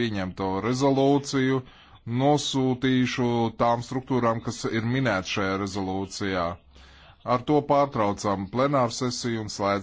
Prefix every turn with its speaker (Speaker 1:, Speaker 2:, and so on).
Speaker 1: pieņemto rezolūciju nosūtīšu tām struktūrām, kas ir minētas šajā rezolūcijā. Ar to pārtraucam plenāru sesiju un slēdzam.